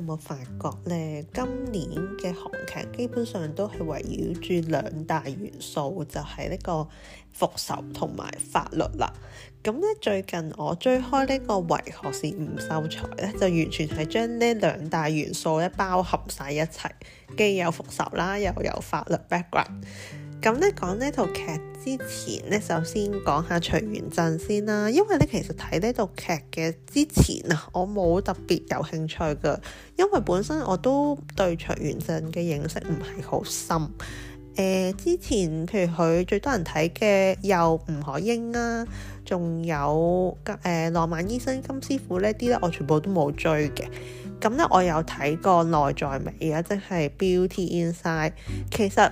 有冇、嗯、發覺咧？今年嘅韓劇基本上都係圍繞住兩大元素，就係、是、呢個復仇同埋法律啦。咁、嗯、咧，最近我追開呢個《為何是吳秀才》呢，就完全係將呢兩大元素包一包含晒一齊，既有復仇啦，又有法律 background。咁咧講呢套劇之前咧，首先講下徐玄振先啦。因為咧，其實睇呢套劇嘅之前啊，我冇特別有興趣嘅，因為本身我都對徐玄振嘅認識唔係好深。誒、呃，之前譬如佢最多人睇嘅又吳海英啦，仲有誒浪漫醫生金師傅呢啲咧，我全部都冇追嘅。咁咧，我有睇過內在美啊，即係 Beauty Inside。其實。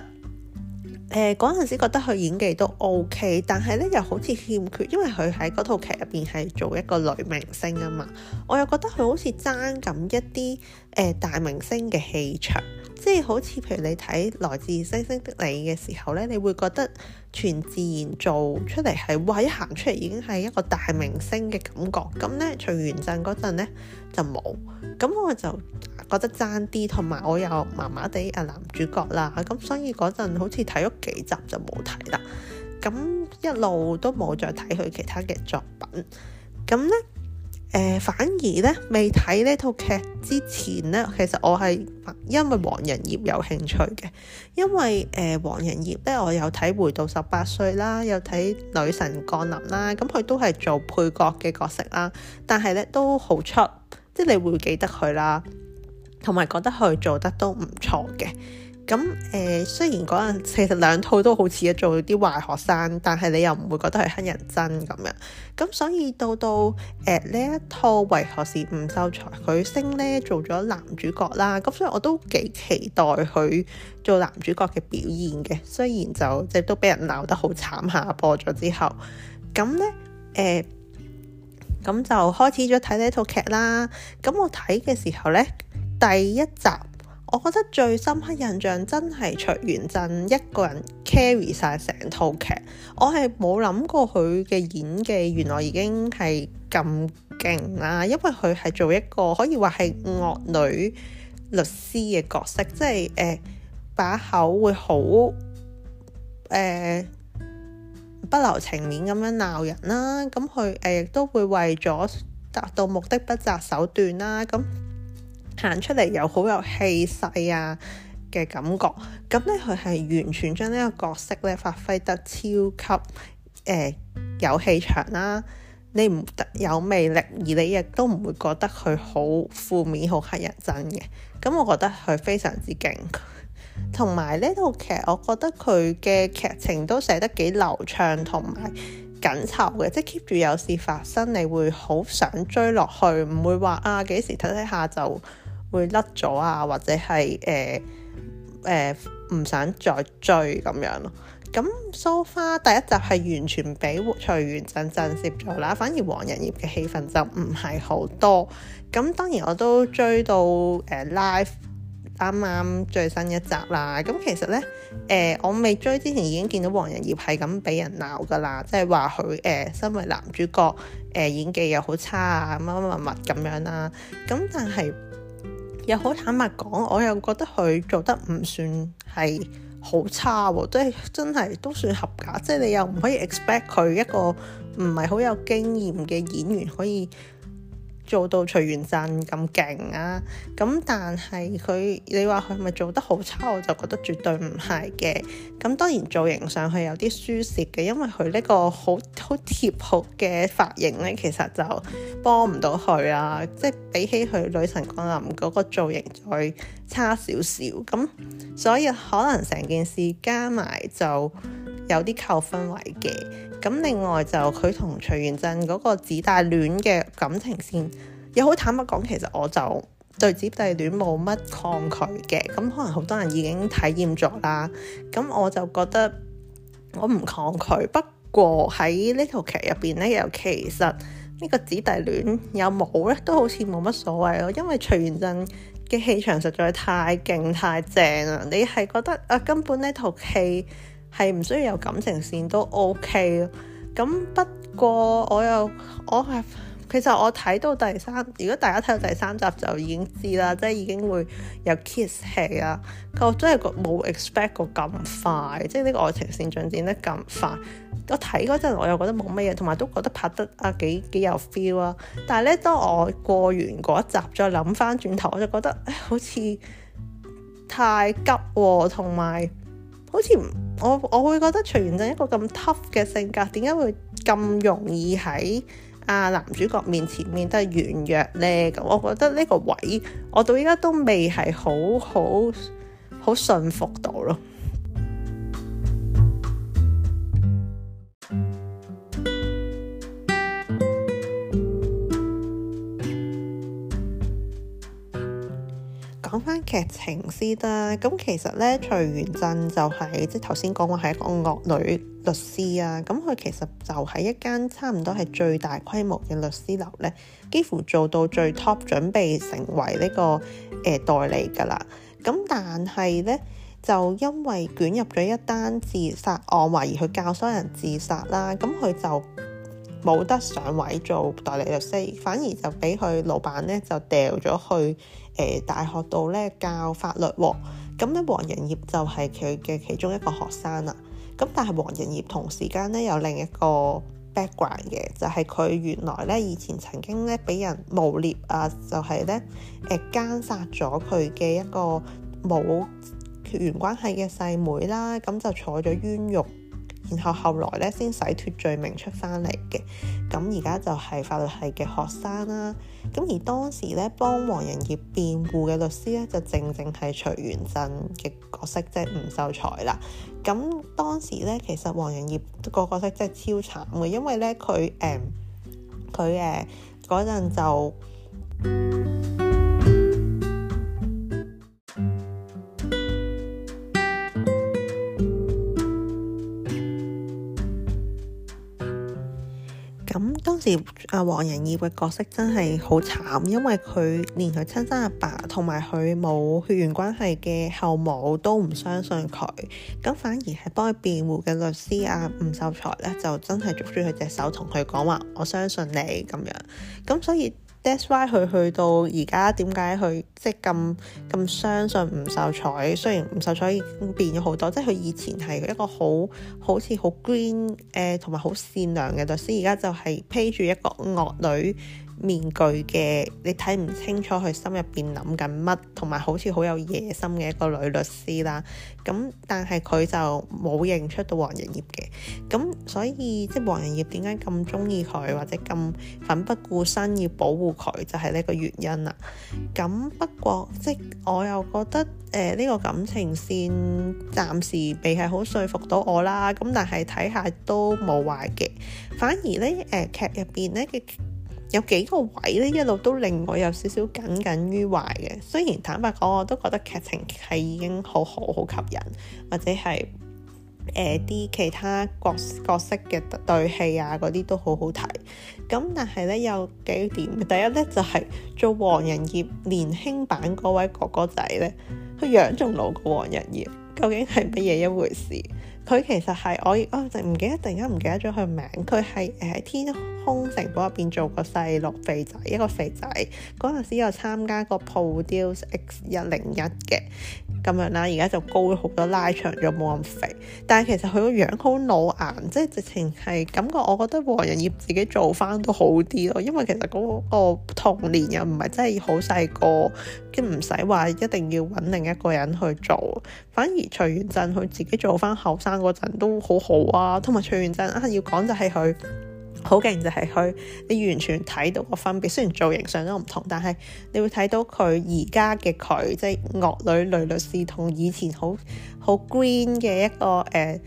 誒嗰陣時覺得佢演技都 O、OK, K，但係咧又好似欠缺，因為佢喺嗰套劇入邊係做一個女明星啊嘛，我又覺得佢好似爭緊一啲誒、呃、大明星嘅氣場，即係好似譬如你睇來自星星的你嘅時候咧，你會覺得全智賢做出嚟係哇，一行出嚟已經係一個大明星嘅感覺，咁咧徐玄振嗰陣咧就冇，咁我就。覺得爭啲，同埋我又麻麻地啊男主角啦，咁所以嗰陣好似睇咗幾集就冇睇啦。咁一路都冇再睇佢其他嘅作品。咁呢，誒、呃，反而呢，未睇呢套劇之前呢，其實我係因為黃寅燁有興趣嘅，因為誒黃寅燁呢，我有睇《回到十八歲》啦，有睇《女神降臨》啦，咁佢都係做配角嘅角色啦，但係呢都好出，即係你會記得佢啦。同埋覺得佢做得都唔錯嘅咁誒。雖然嗰陣其實兩套都好似做啲壞學生，但係你又唔會覺得佢係乞人憎咁樣。咁所以到到誒呢一套為何是吳秀才，佢升呢做咗男主角啦。咁所以我都幾期待佢做男主角嘅表現嘅。雖然就即係都俾人鬧得好慘下，播咗之後咁呢，誒、呃、咁就開始咗睇呢套劇啦。咁我睇嘅時候呢。第一集，我覺得最深刻印象真係徐玄振一個人 carry 晒成套劇。我係冇諗過佢嘅演技原來已經係咁勁啦，因為佢係做一個可以話係惡女律師嘅角色，即係誒把口會好誒、呃、不留情面咁樣鬧人啦。咁佢誒亦都會為咗達到目的不擇手段啦。咁行出嚟又好有氣勢啊嘅感覺，咁咧佢係完全將呢個角色咧發揮得超級誒、欸、有氣場啦、啊。你唔得有魅力，而你亦都唔會覺得佢好負面、好乞人憎嘅。咁我覺得佢非常之勁，同埋呢套劇我覺得佢嘅劇情都寫得幾流暢同埋緊湊嘅，即係 keep 住有事發生，你會好想追落去，唔會話啊幾時睇睇下就～會甩咗啊，或者係誒誒唔想再追咁樣咯。咁 so far，第一集係完全俾徐玄振震攝咗啦，反而黃寅燁嘅戲份就唔係好多。咁當然我都追到誒、呃、live 啱啱最新一集啦。咁其實呢，誒、呃，我未追之前已經見到黃寅燁係咁俾人鬧噶啦，即係話佢誒身為男主角誒、呃、演技又好差啊，乜乜乜咁樣啦。咁但係～又好坦白講，我又覺得佢做得唔算係好差喎，即係真係都算合格。即係你又唔可以 expect 佢一個唔係好有經驗嘅演員可以做到徐玄振咁勁啊！咁但係佢，你話佢係咪做得好差？我就覺得絕對唔係嘅。咁當然造型上佢有啲舒蝕嘅，因為佢呢個好好貼合嘅髮型呢，其實就幫唔到佢啊。即係比起佢女神降臨嗰、那個造型再差少少咁，所以可能成件事加埋就。有啲扣分位嘅，咁另外就佢同徐玄振嗰個姊弟戀嘅感情線，又好坦白講，其實我就對姊弟戀冇乜抗拒嘅。咁可能好多人已經體驗咗啦，咁我就覺得我唔抗拒。不過喺呢套劇入邊咧，又其實呢個姊弟戀有冇咧，都好似冇乜所謂咯。因為徐玄振嘅氣場實在太勁太正啦，你係覺得啊，根本呢套戲～係唔需要有感情線都 OK，咁不過我又我係其實我睇到第三，如果大家睇到第三集就已經知啦，即係已經會有 kiss 戲啦。我真係冇 expect 過咁快，即係呢個愛情線進展得咁快。我睇嗰陣我又覺得冇乜嘢，同埋都覺得拍得啊幾幾有 feel 啊。但係咧，當我過完嗰一集再諗返轉頭，我就覺得誒好似太急喎，同埋好似唔～我我會覺得徐玄振一個咁 tough 嘅性格，點解會咁容易喺啊男主角面前變得軟弱呢？我覺得呢個位，我到依家都未係好好好信服到咯。講翻劇情先啦，咁其實咧，徐玄振就係、是、即係頭先講過係一個惡女律師啊。咁佢其實就喺一間差唔多係最大規模嘅律師樓咧，幾乎做到最 top，準備成為呢、這個誒、呃、代理噶啦。咁但係咧，就因為捲入咗一單自殺案，懷疑佢教唆人自殺啦。咁佢就，冇得上位做代理律師，反而就俾佢老闆咧就掉咗去誒、呃、大學度咧教法律喎、哦。咁咧黃寅燁就係佢嘅其中一個學生啦。咁、嗯、但係黃寅燁同時間咧有另一個 background 嘅，就係、是、佢原來咧以前曾經咧俾人誣蔑啊，就係咧誒姦殺咗佢嘅一個冇血緣關係嘅細妹啦。咁、啊嗯、就坐咗冤獄。然後後來咧先洗脱罪名出翻嚟嘅，咁而家就係法律系嘅學生啦。咁而當時咧幫黃寅燁辯護嘅律師咧就正正係徐玄振嘅角色，即係吳秀才啦。咁當時咧其實黃寅燁個角色真係超慘嘅，因為咧佢誒佢誒嗰陣就。咁當時阿黃寅燁嘅角色真係好慘，因為佢連佢親生阿爸同埋佢冇血緣關係嘅後母都唔相信佢，咁反而係幫佢辯護嘅律師阿、啊、吳秀才咧，就真係捉住佢隻手同佢講話，我相信你咁樣，咁所以。That's why 佢去到而家點解佢即係咁咁相信吳秀才？雖然吳秀才已經變咗好多，即係佢以前係一個好好似好 green 誒同埋好善良嘅，但係而家就係披住一個惡女面具嘅，你睇唔清楚佢心入邊諗緊乜，同埋好似好有野心嘅一個女律師啦。咁但係佢就冇認出到黃寅燁嘅。咁所以即係黃寅燁點解咁中意佢，或者咁奮不顧身要保護佢，就係、是、呢個原因啊。咁不過即我又覺得誒呢、呃這個感情線暫時未係好說服到我啦。咁但係睇下都冇壞嘅，反而咧誒劇入邊咧嘅。呃有幾個位咧，一路都令我有少少耿耿於懷嘅。雖然坦白講，我都覺得劇情係已經好好好吸引，或者係誒啲其他角角色嘅對戲啊，嗰啲都好好睇。咁但係咧有幾點，第一咧就係、是、做黃寅燁年輕版嗰位哥哥仔咧，佢樣仲老過黃寅燁。究竟係乜嘢一回事？佢其實係我，我就唔記得，突然間唔記得咗佢名。佢係喺天空城堡入邊做個細路肥仔，一個肥仔嗰陣時有參加個 produce X 一零一嘅。咁樣啦，而家就高咗好多，拉長咗冇咁肥。但係其實佢個樣好老硬，即係直情係感覺。我覺得黃寅燁自己做翻都好啲咯，因為其實嗰個童年又唔係真係好細個，跟唔使話一定要揾另一個人去做。反而徐玄振佢自己做翻後生嗰陣都好好啊，同埋徐玄振啊，要講就係佢，好勁就係、是、佢，你完全睇到個分別。雖然造型上都唔同，但係你會睇到佢而家嘅佢，即係惡女女律師同以前好好 green 嘅一個誒誒、呃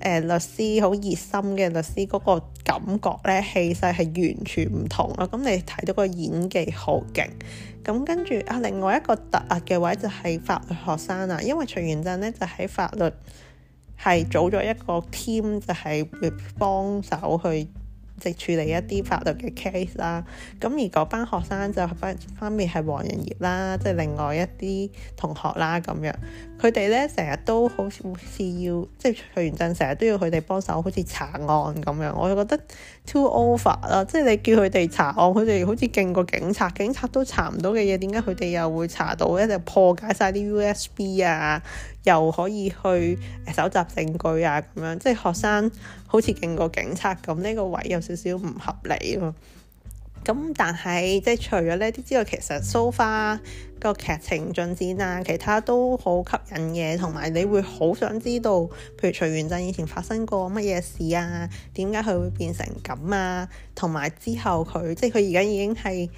呃、律師，好熱心嘅律師嗰、那個感覺咧，氣勢係完全唔同啊！咁你睇到個演技好勁咁，跟住啊，另外一個突出嘅位就係法律學生啊，因為徐玄振咧，就喺、是、法律系組咗一個 team，就係、是、會幫手去。直係處理一啲法律嘅 case 啦，咁而嗰班學生就分分別係黃寅燁啦，即係另外一啲同學啦咁樣。佢哋咧成日都好似要即係徐玄振，成日都要佢哋幫手，好似查案咁樣。我就覺得 too over 啦，即係你叫佢哋查案，佢哋好似勁過警察，警察都查唔到嘅嘢，點解佢哋又會查到咧？就破解晒啲 USB 啊，又可以去、呃、搜集證據啊，咁樣即係學生好似勁過警察咁，呢、呢個位有少少唔合理啊。咁但係即係除咗呢啲之外，其實 so far。個劇情進展啊，其他都好吸引嘅，同埋你會好想知道，譬如徐玄振以前發生過乜嘢事啊，點解佢會變成咁啊，同埋之後佢，即係佢而家已經係。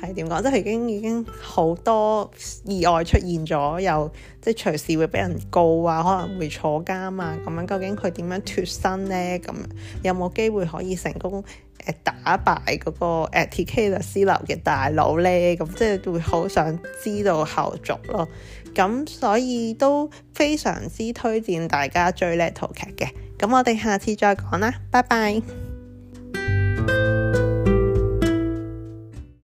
係點講？即係已經已經好多意外出現咗，又即係隨時會俾人告啊，可能會坐監啊咁樣。究竟佢點樣脫身呢？咁有冇機會可以成功、呃、打敗嗰、嗰個誒鐵、呃、K 律師樓嘅大佬呢？咁即係會好想知道後續咯。咁所以都非常之推薦大家追呢套劇嘅。咁我哋下次再講啦，拜拜。